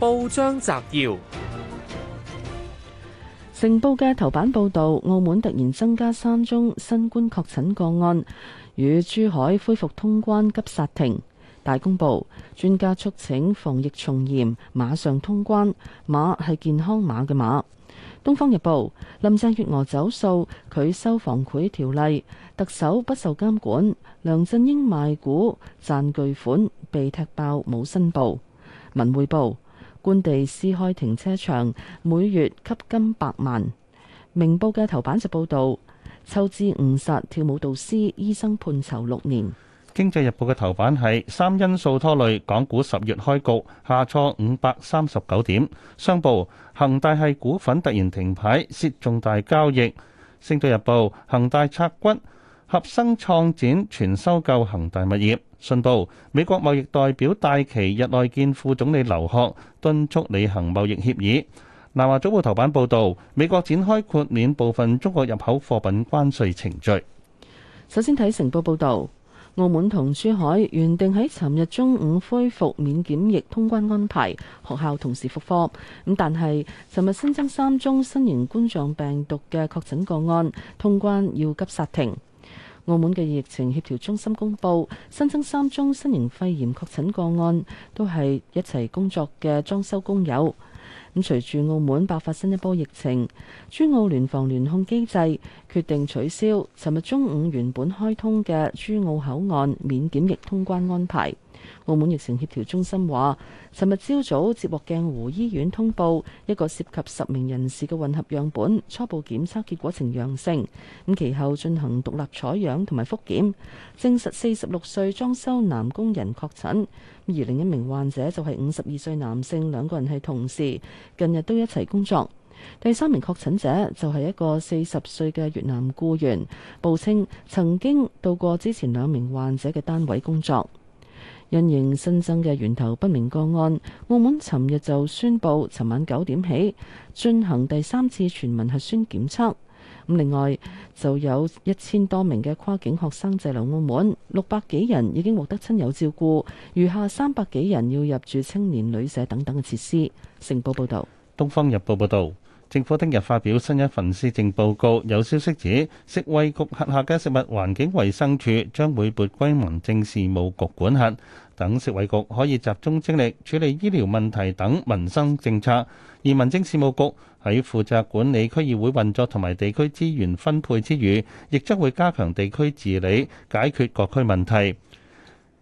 報章摘要：成報嘅頭版報道，澳門突然增加三宗新冠確診個案，與珠海恢復通關急剎停。大公報專家促請防疫從嚴，碼上通關。碼係健康碼嘅碼。東方日報：林鄭月娥走數拒收防賄條例，特首不受監管。梁振英賣股賺巨款，被踢爆冇申報。文匯報。官地私開停車場，每月吸金百萬。明報嘅頭版就報道，抽脂誤殺跳舞導師，醫生判囚六年。經濟日報嘅頭版係三因素拖累港股十月開局下挫五百三十九點。商報，恒大系股份突然停牌，涉重大交易。星島日報，恒大拆骨。合生創展全收購恒大物業。信報，美國貿易代表戴琪日內見副總理劉鶴，敦促履行貿易協議。南華早報頭版報導，美國展開豁免部分中國入口貨品關稅程序。首先睇成報報導，澳門同珠海原定喺尋日中午恢復免檢疫通關安排，學校同時復課。咁但係尋日新增三宗新型冠狀病毒嘅確診個案，通關要急煞停。澳門嘅疫情協調中心公布新增三宗新型肺炎確診個案，都係一齊工作嘅裝修工友。咁隨住澳門爆發新一波疫情，珠澳聯防聯控機制決定取消尋日中午原本開通嘅珠澳口岸免檢疫通關安排。澳門疫情協調中心話，尋日朝早接獲鏡湖醫院通報，一個涉及十名人士嘅混合樣本初步檢測結果呈陽性，咁其後進行獨立採樣同埋復檢，證實四十六歲裝修男工人確診。而另一名患者就係五十二歲男性，兩個人係同事，近日都一齊工作。第三名確診者就係一個四十歲嘅越南僱員，報稱曾經到過之前兩名患者嘅單位工作。因應新增嘅源頭不明個案，澳門尋日就宣布，尋晚九點起進行第三次全民核酸檢測。咁另外就有一千多名嘅跨境學生滯留澳門，六百幾人已經獲得親友照顧，餘下三百幾人要入住青年旅社等等嘅設施。成報報道。《東方日報》報導。政府聽日發表新一份施政報告，有消息指食衛局轄下嘅食物環境衞生署將會撥歸民政事務局管轄，等食衛局可以集中精力處理醫療問題等民生政策，而民政事務局喺負責管理區議會運作同埋地區資源分配之餘，亦將會加強地區治理，解決各區問題。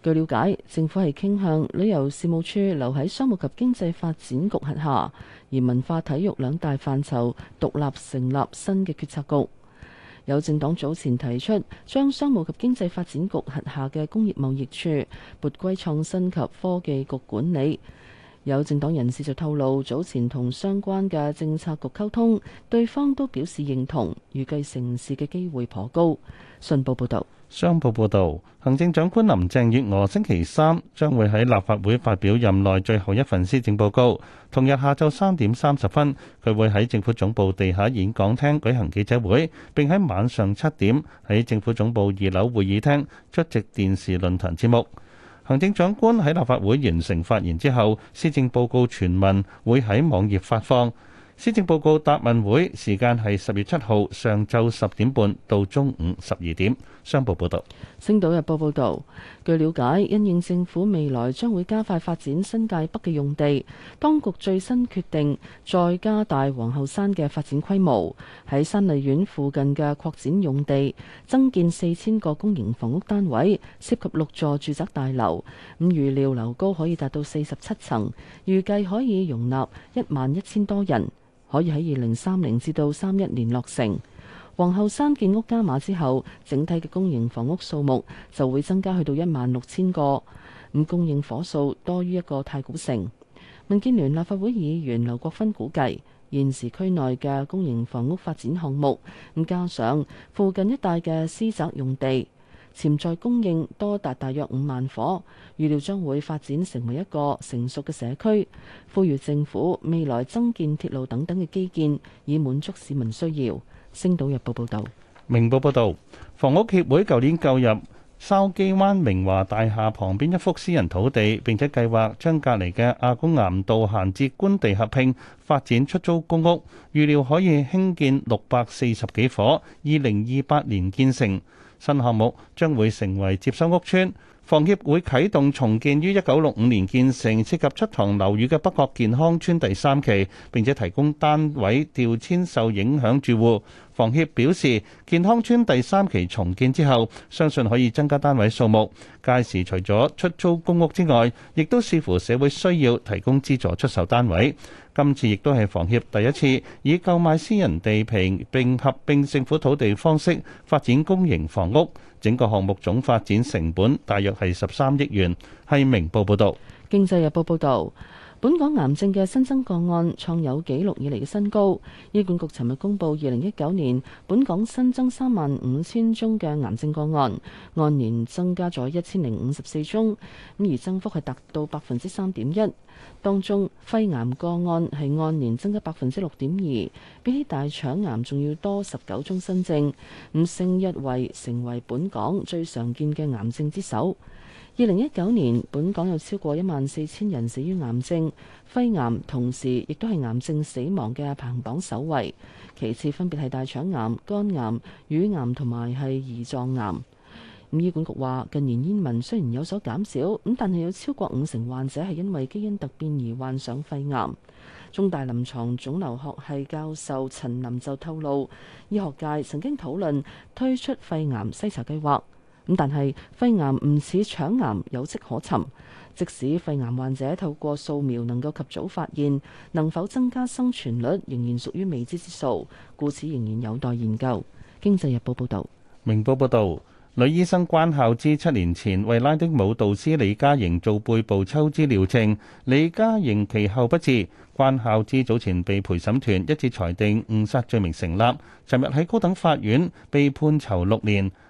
據了解，政府係傾向旅遊事務處留喺商務及經濟發展局轄下，而文化、體育兩大範疇獨立成立新嘅決策局。有政黨早前提出將商務及經濟發展局轄下嘅工業貿易處撥歸創新及科技局管理。有政黨人士就透露，早前同相關嘅政策局溝通，對方都表示認同，預計成事嘅機會頗高。信報報導。商報報道，行政長官林鄭月娥星期三將會喺立法會發表任內最後一份施政報告。同日下晝三點三十分，佢會喺政府總部地下演講廳舉行記者會，並喺晚上七點喺政府總部二樓會議廳出席電視論壇節目。行政長官喺立法會完成發言之後，施政報告全文會喺網頁發放。施政報告答問會時間係十月七號上晝十點半到中午十二點。商報報道，《星島日報》報道，據了解，因應政府未來將會加快發展新界北嘅用地，當局最新決定再加大皇后山嘅發展規模，喺山麗苑附近嘅擴展用地增建四千個公營房屋單位，涉及六座住宅大樓，咁預料樓高可以達到四十七層，預計可以容納一萬一千多人。可以喺二零三零至到三一年落成，皇后山建屋加碼之後，整體嘅公營房屋數目就會增加去到一萬六千個，咁供應火數多於一個太古城。民建聯立法會議員劉國勳估計，現時區內嘅公營房屋發展項目，咁加上附近一帶嘅私宅用地。潛在供應多達大約五萬夥，預料將會發展成為一個成熟嘅社區。呼籲政府未來增建鐵路等等嘅基建，以滿足市民需要。星島日報報導，明報報導，房屋協會舊年購入筲箕灣明華大廈旁邊一幅私人土地，並且計劃將隔離嘅阿公岩道閒置官地合併發展出租公屋，預料可以興建六百四十幾夥，二零二八年建成。新項目將會成為接收屋邨。房協會啟動重建於1965年建成，涉及出塘樓宇嘅北角健康村第三期，並且提供單位調遷受影響住戶。房協表示，健康村第三期重建之後，相信可以增加單位數目。屆時除咗出租公屋之外，亦都視乎社會需要提供資助出售單位。今次亦都係房協第一次，以購買私人地皮並合併政府土地方式，發展公營房屋，整個項目總發展成本大約，係十三億元。係明報報道。經濟日報報道。本港癌症嘅新增個案創有紀錄以嚟嘅新高，醫管局尋日公布，二零一九年本港新增三萬五千宗嘅癌症個案，按年增加咗一千零五十四宗，咁而增幅係達到百分之三點一。當中肺癌個案係按年增加百分之六點二，比起大腸癌仲要多十九宗新症，五升一位成為本港最常見嘅癌症之首。二零一九年，本港有超過一萬四千人死於癌症，肺癌同時亦都係癌症死亡嘅排行榜首位，其次分別係大腸癌、肝癌、乳癌同埋係胰臟癌。咁醫管局話，近年煙民雖然有所減少，咁但係有超過五成患者係因為基因突變而患上肺癌。中大臨床腫瘤學系教授陳林就透露，醫學界曾經討論推出肺癌篩查計劃。咁但係肺癌唔似腸癌有跡可尋，即使肺癌患者透過掃描能夠及早發現，能否增加生存率仍然屬於未知之數，故此仍然有待研究。經濟日報報道：「明報報道，女醫生關孝之七年前為拉丁舞導師李嘉盈做背部抽脂療程，李嘉盈其後不治，關孝之早前被陪審團一致裁定誤殺罪名成立，尋日喺高等法院被判囚六年。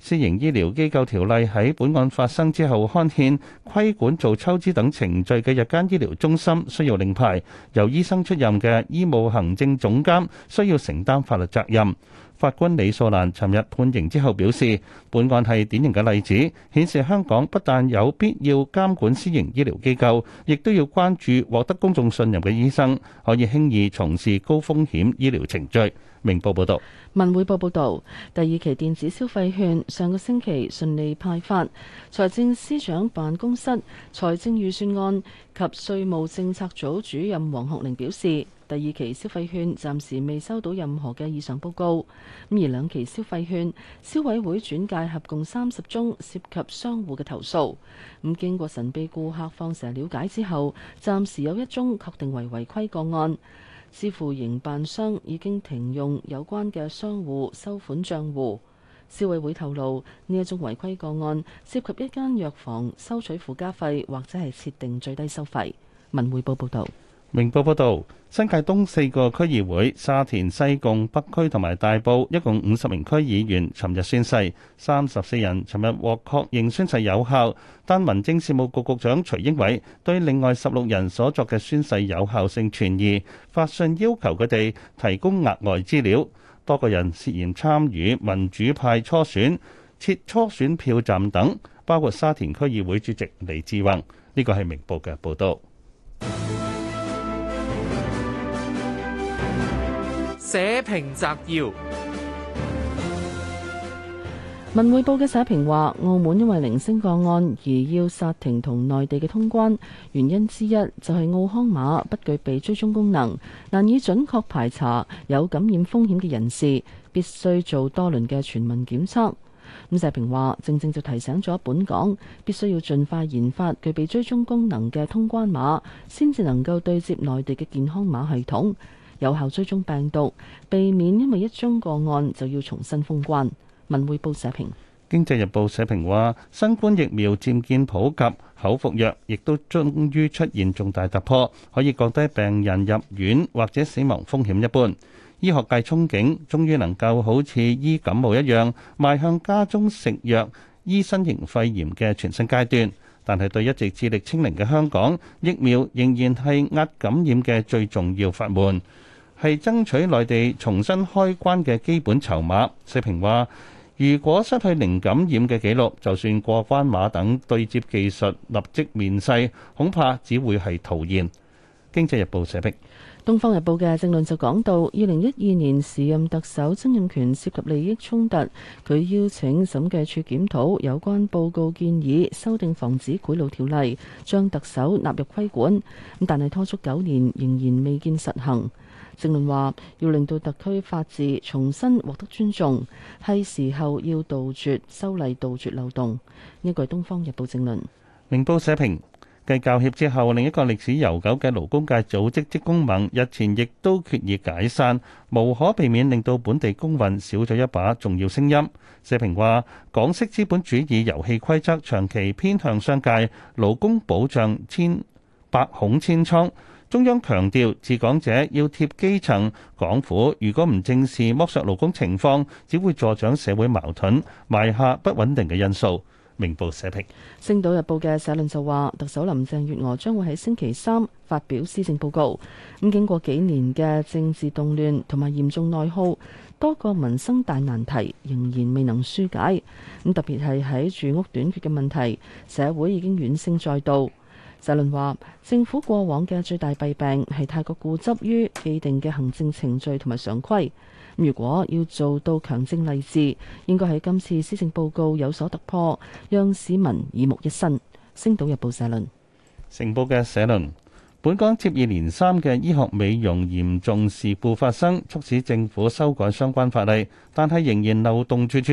《私營醫療機構條例》喺本案發生之後刊憲，規管做抽脂等程序嘅日間醫療中心需要領牌，由醫生出任嘅醫務行政總監需要承擔法律責任。法官李素蘭尋日判刑之後表示，本案係典型嘅例子，顯示香港不但有必要監管私營醫療機構，亦都要關注獲得公眾信任嘅醫生可以輕易從事高風險醫療程序。明報報導。文匯報報道，第二期電子消費券上個星期順利派發。財政司長辦公室、財政預算案及稅務政策組主任黃學玲表示，第二期消費券暫時未收到任何嘅異常報告，咁而兩期消費券消委會轉介合共三十宗涉及商戶嘅投訴，咁經過神秘顧客放蛇了解之後，暫時有一宗確定為違規個案，支付營辦商已經停用有關嘅商戶收款賬戶。消委會透露呢一宗違規個案涉及一間藥房收取附加費或者係設定最低收費。文匯報報導。明報報道，新界東四個區議會沙田、西貢、北區同埋大埔一共五十名區議員，尋日宣誓，三十四人尋日獲確認宣誓有效，但民政事務局局長徐英偉對另外十六人所作嘅宣誓有效性存疑，發信要求佢哋提供額外資料。多個人涉嫌參與民主派初選設初選票站等，包括沙田區議會主席李志宏。呢個係明報嘅報導。社評摘要：文匯報嘅社評話，澳門因為零星個案而要煞停同內地嘅通關，原因之一就係澳康碼不具備追蹤功能，難以準確排查有感染風險嘅人士，必須做多輪嘅全民檢測。咁社評話，正正就提醒咗本港，必須要盡快研發具備追蹤功能嘅通關碼，先至能夠對接內地嘅健康碼系統。有效追蹤病毒，避免因為一宗個案就要重新封關。文匯報社評，經濟日報社評話，新冠疫苗漸見普及，口服藥亦都終於出現重大突破，可以降低病人入院或者死亡風險一半。醫學界憧憬，終於能夠好似醫感冒一樣邁向家中食藥醫新型肺炎嘅全新階段。但係對一直致力清零嘅香港，疫苗仍然係遏感染嘅最重要法門。係爭取內地重新開關嘅基本籌碼。石平話：如果失去零感染嘅記錄，就算過關碼等對接技術立即面世，恐怕只會係徒然。經濟日報社評，《東方日報》嘅政論就講到，二零一二年時任特首曾蔭權涉及利益衝突，佢邀請審計處檢討有關報告建議，修訂防止賄賂條例，將特首納入規管。但係拖足九年，仍然未見實行。政論話要令到特區法治重新獲得尊重，係時候要杜絕修例、杜絕漏洞。呢個係《東方日報》政論。明報社評：繼教協之後，另一個歷史悠久嘅勞工界組織職工盟日前亦都決議解散，無可避免令到本地工運少咗一把重要聲音。社評話：港式資本主義遊戲規則長期偏向商界，勞工保障千百孔千瘡。中央強調，治港者要貼基層、港府，如果唔正視剝削勞工情況，只會助長社會矛盾，埋下不穩定嘅因素。明報社評。《星島日報》嘅社論就話，特首林鄭月娥將會喺星期三發表施政報告。咁經過幾年嘅政治動亂同埋嚴重內耗，多個民生大難題仍然未能紓解。咁特別係喺住屋短缺嘅問題，社會已經怨聲載道。社論話，政府過往嘅最大弊病係太過固執於既定嘅行政程序同埋常規。如果要做到強政勵治，應該喺今次施政報告有所突破，讓市民耳目一新。星島日報社論。成報嘅社論，本港接二連三嘅醫學美容嚴重事故發生，促使政府修改相關法例，但係仍然漏洞處處。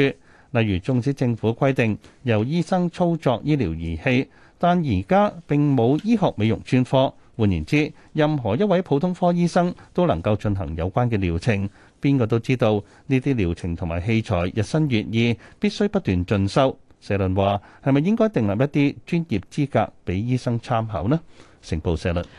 例如，縱使政府規定由醫生操作醫療儀器，但而家並冇醫學美容專科。換言之，任何一位普通科醫生都能夠進行有關嘅療程。邊個都知道呢啲療程同埋器材日新月異，必須不斷進修。社論話：係咪應該訂立一啲專業資格俾醫生參考呢？成報社論。